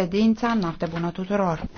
Ședința, noapte bună tuturor!